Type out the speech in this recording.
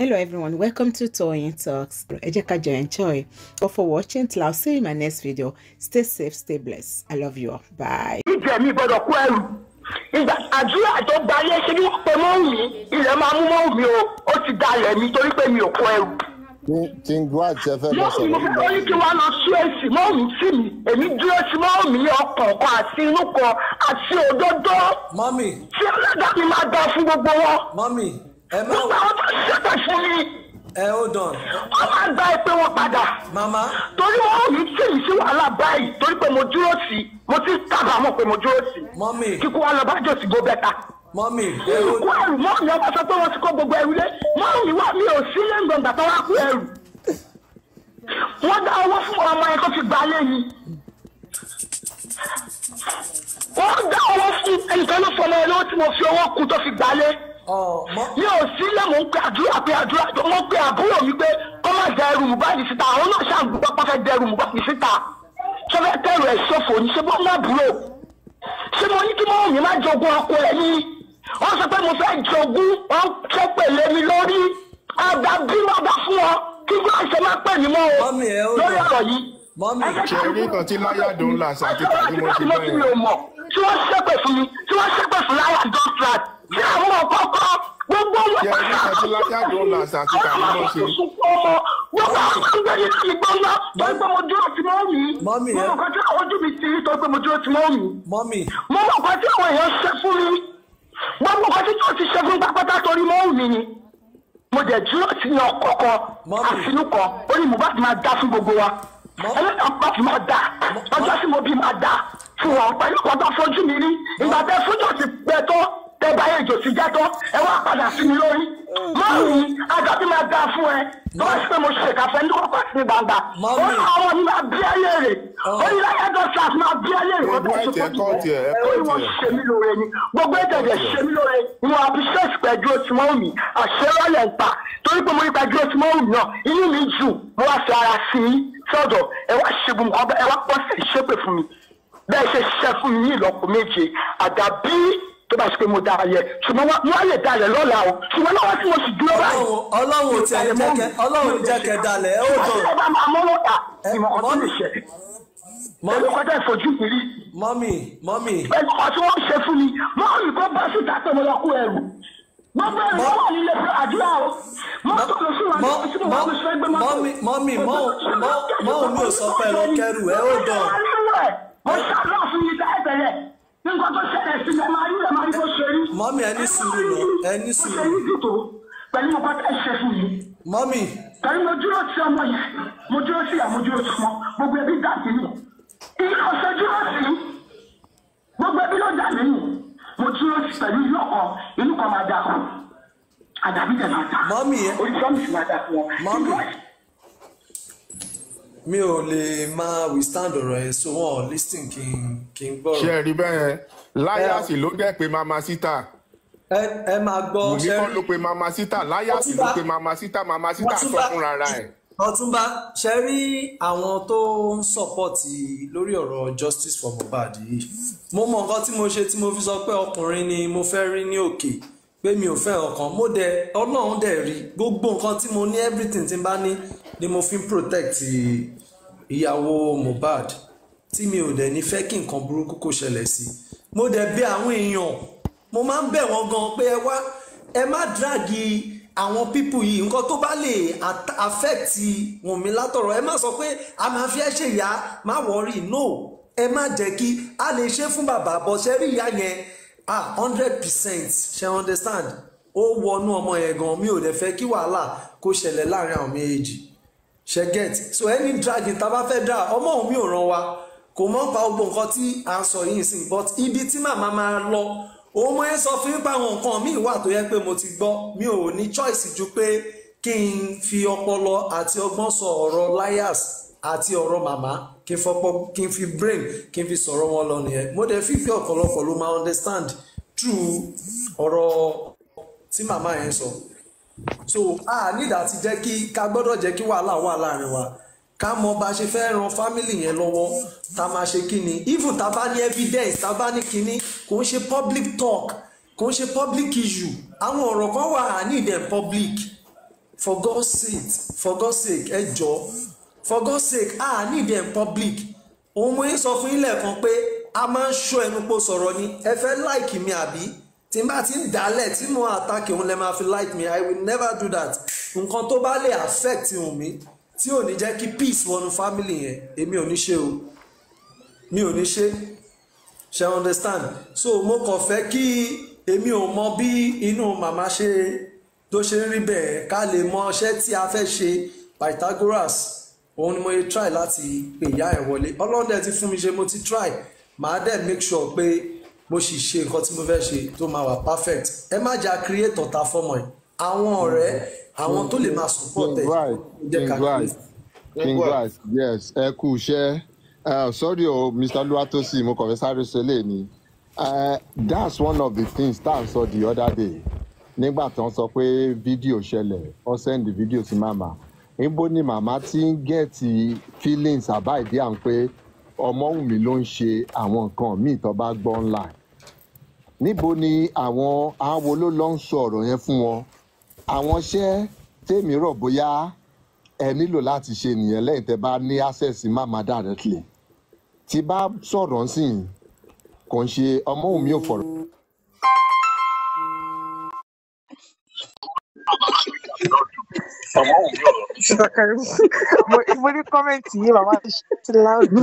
Hello everyone, welcome to Toyeen Talks. Ẹ jẹ́ ká enjoy. But for watching till I'll see you in my next video. Stay safe, stay blessed. I love you all. Bye. Ìgbà àdúrà tó gba ayé ṣe ní pé mọ́ òun yìí, ilẹ̀ máa mú mọ́ òun o, ó ti dalẹ̀ mi torí pé mi ò kú ẹrù. Kí n gbọ́ àti ẹfẹ́ lọ sọ̀rọ̀. Mo fẹ́ kí wọ́n lọ sí èsì mọ́ òun sí mi. Èmi dúró sí mọ́ òun ní ọkàn àti inú kan àti òdodo. Mami. Tí ọlọ́dà mi máa dán fún gbogbo wọn. Mami ẹ má wọ. gbogbo àwọn tó ń ṣètò fún mi. ẹ ó dàn. wọ́n máa gba ẹgbẹ́ wọn padà. màmá. torí wọn ò ní tèmi sí wàhálà báyìí torí pé mo dúró sí i mo ti kábàámọ̀ pé mo dúró sí i. mọ́mì. kíkú wa lọ bá jòsì go bẹ́ta mọ́mì. ìkú ẹrù mọ́mì ọba sọ pé wọ́n ti kó gbogbo ẹrù lé mọ́mì wà mí ò sí lẹ́ngbọ̀n gbàtọ́ wá kú ẹrù. wọ́n dá owó fún ọmọ yẹn tó fi gbà lẹ́yìn. wọ́n dá owó fún ẹnìkan ló ẹ mi ò sílẹ̀ mò ń pe àdúrà pé àdúrà mo pe àbúrò mi pé kó má dẹrù Mohbad síta àwọn náà ṣàǹgbọ́n pàfẹ́ dẹrù Mohbad síta sọfẹ́ tẹ̀rù ẹ̀ ṣòfò ní ṣe bọ́n má búrò ṣé mo ní kí mo mi má jogún ọkọ ẹ̀ ni wọ́n sọ pé mo fẹ́ jogún wọ́n ṣe pèlè mi lórí àgbà bí wọ́n bá fún ọ kí wọ́n ṣe má pè mí mọ́ o lórí ọ̀rọ̀ yìí ṣe rí nǹkan tí láyàdó ńlá àti àti tàbí wọn ṣe bẹ́ẹ̀. tí wọ́n ṣépè fún mi tí wọ́n ṣépè fún láyàdó flat yẹmi àti láyàdó ọ̀làṣà àti kàmínà ṣe. wọ́pọ̀ nígbà yìí ti gbọ́ ńlá tó ń pẹ́ mo dúró tí mo ń yìí. mọ́mì ẹ mọ́mì nǹkan tí àwọn ojú mi ti tó ń pẹ́ mo dúró tí mo ń yìí. mọ́mì. mo mọ̀ nǹkan tí àwọn èèyàn ṣe fún mi. mo mọ̀ nǹkan tí tó ti ṣe fún pápátá torí mo ń mi mo dẹ̀ dúró sí ní ọkọ̀ kan ó ní Mohbad máa dá fún gbogbo wa. ẹlẹ́dàá Mohbad máa dá ọjọ́ ayé ìjòsí jẹ́tọ́ ẹ wá padà sí mi lórí mọ́ọ̀nì àjàbí máa dáa fún ẹ tó bá ṣe pé mo ṣèkà fẹ́ ní kọ́kọ́ sí gbangba ó ní àwọn mi máa bí ayé rè ó láyé ẹjọ́ sars máa bí ayé rè kó tó ṣe ó ní wọ́n ṣe mí lóore ni gbogbo ìtẹ̀jẹ̀ ṣe mí lóore ni wọ́n àbí ṣèṣì pẹ̀jú oṣù mọ́ mi àṣeyọ́lẹ̀ ń pa torí pé mo rí pẹ̀jú oṣù mọ́ náà inú mi jù mo wá fi ara sí i sọ́dọ̀ ẹ wá ṣe gbogbo ẹ wá pọ̀ sí fún mi bẹ́ẹ̀ ṣe ṣiṣẹ́ fún mi ní ìlọ́po méje àdàbí tó bá ṣe pé mo dára yẹ ṣùgbọ́n wọ́n á lè dalẹ̀ lọ́la o ṣùgbọ́n lọ́wọ́ tí mo sì dúró báyìí. ọlọ́run ti ẹ̀ jẹ́kẹ́ ọlọ́run jẹ́kẹ́ dalẹ̀ ó dọ̀. àti ọba máa mọ́ lọ́ta ìmọ̀ ọ̀tún lè ṣẹ̀. mọ́mí ẹ̀lọ́kọ́tà ìfojú mi rí. mọ́mí mọ́mí. ẹ̀lọ́kọ́ tí wọ́n ṣe fún mi mọ́mí kó bá síta pé mo lọ kó ẹrù mọ́mí mọ́mí ẹ ní sùúrù lọ ẹ ní sùúrù. pẹ̀lú ọba ẹ ṣe fún mi. mọ́mí. pẹ̀lú mo dúró sí ọmọ yẹn mo dúró sí àwọn dúró sí wọn gbogbo ẹbí dà sí mi. ilé ọ̀sẹ̀ dúró sí gbogbo ẹbí ló dà mí nù mo dúró sí pẹ̀lú ilé ọkọ inú kan máa dà kù àdàbí dẹ̀ máa dà. mọ́mí ẹ oríṣiríṣi mi sì máa dà fún wọn. mọ́mí mi ò lè máa withstand ọ̀rọ̀ ẹ̀ so wọn lis ten kí n gbọ́rọ̀. ṣé ẹ rí bẹ́ẹ̀ láyàsì ló dẹ̀ pé mama sita. ẹ máa gbọ́ ṣe wùmí kọ́ ló pe mama sita láyàsì ló pe mama sita mama sita sọ fúnra ẹ̀. ọtúnba ṣe rí àwọn tó ń sọpọ́ọ̀tì lórí ọ̀rọ̀ justice for Mohbad yìí mo mọ nǹkan tí mo ṣe tí mo fi sọ pé ọkùnrin ni mo fẹ́ rí ní òkè pé mi ò fẹ́ ọkàn mo dẹ̀ ọlọ́run dẹ̀ rí gbogbo nǹkan tí mo ní everything tí n bá ní ni mo fi ń protect ìyàwó Mohbad tí mi ò dẹ̀ ní fẹ́ kí nǹkan burúkú kó ṣẹlẹ̀ sí i mo dẹ̀ bẹ̀ àwọn èèyàn mo máa ń bẹ̀ wọ́n gan pé ẹ wá ẹ má dragi àwọn pípù yìí nǹkan tó bá lè àfẹ́ẹ̀tì Wùnmí Látọ̀rọ̀ ẹ má sọ pé a máa fi ẹ́ ṣèyá má wọ́rì no ẹ má jẹ́ kí a lè ṣe fún bàbá bọ́ ṣe rí ìyá yẹn hundred percent ṣe understand ó wọnú ọmọ yẹn gan mi ò dẹ̀ fẹ́ kí wàhálà kó ṣẹlẹ̀ láàrin àwọn méjèèjì ṣe get so any dragi tá a bá fẹ́ dá ọmọ òun mi ò ràn wá kò mọ̀ pa gbogbo nǹkan tí a sọ yìí sí but ibi tí màmá máa lọ òun mọ̀ ẹ́ sọ fún yín pa àwọn nǹkan míì wà tó yẹ pé mo ti gbọ́ mi ò ní choice ju pé kí n fi ọpọlọ àti ọgbọ́n sọ ọ̀rọ̀ liars àti ọ̀rọ̀ màmá kí n fọpọ́ kí n fi brain kí n fi sọ̀rọ̀ wọn lọ nìyẹn mo dẹ̀ fi ọ̀pọ̀lọpọ̀ ló máa understand true ọ̀rọ̀ tí màmá yẹn sọ so a nídàá ti jẹ́ kí ká gbọ́dọ̀ jẹ́ kí wàhálà wà láàrin wa ká mọ bá a ṣe fẹ́ ran fámìlì yẹn lọ́wọ́ tá a máa ṣe kíni even tá bá ní evidence tá a bá ní kíní kò ń ṣe public talk kò ń ṣe public issue àwọn ọ̀rọ̀ kan wà á ní ìdẹ̀ public for God's sake for God's sake ẹ jọ for God's sake á ní ìdẹ̀ public òun mo ń sọ fún ilẹ̀ kan pé a máa ń ṣọ́ ẹnu pò sọ̀rọ̀ ni ẹ fẹ́ like mi àbí tí n bá ti ń dálẹ̀ tí mo àtàkì òun lẹ máa fi like me I will never do that nǹkan tó bá lè affect mi tí ò ní jẹ́ kí peace wọnú family yẹn èmi ò ní ṣe o mi ò ní ṣe ṣe understand so mo kàn fẹ́ kí èmi ò mọ bí inú màmá ṣe tó ṣe ń rí bẹ́ẹ̀ ká lè mọ iṣẹ́ tí a fẹ́ ṣe Pythagoras òun ni mo yẹ try láti pè ìyá ẹ̀ wọlé ọlọ́dẹ ti fún mi ṣe mo ti try màá dẹ̀ make sure pé mo sì ṣe nǹkan tí mo fẹ́ ṣe tó máa wà perfect ẹ má jà create ọ̀tá fọmọ ẹ̀ àwọn ọ̀rẹ́ àwọn tó lè máa support ẹ jẹ káàkiri. king rice yes ẹ kú iṣẹ́ sorry o mr luwatosi mo kàn fẹ́ sáré sọlẹ ni that's one of the things tá à ń sọ the other day nígbà tó ń sọ pé fídíò ṣẹlẹ̀ ọ send the video sí mama. níbo ni màmá ti ń gẹ̀ẹ́tì feelings àbá ìdí à ń pé ọmọwùnmí ló ń ṣe àwọn nǹkan míì tó bá gbọ́ online níbo ni àwọn awo ló ń sọ ọ̀rọ̀ yẹn fún wọn àwọn iṣẹ́ tèmi rò bóyá ẹ nílò láti ṣe nìyẹn lẹ́yìn tẹ́ bá ní access mama directly tí bá sọ̀rọ̀ sí i kò ń ṣe ọmọ mi ò fọ̀rọ̀. mo ní kọ́mẹ̀ntì yìí bàbá ti ṣe ti láàbù.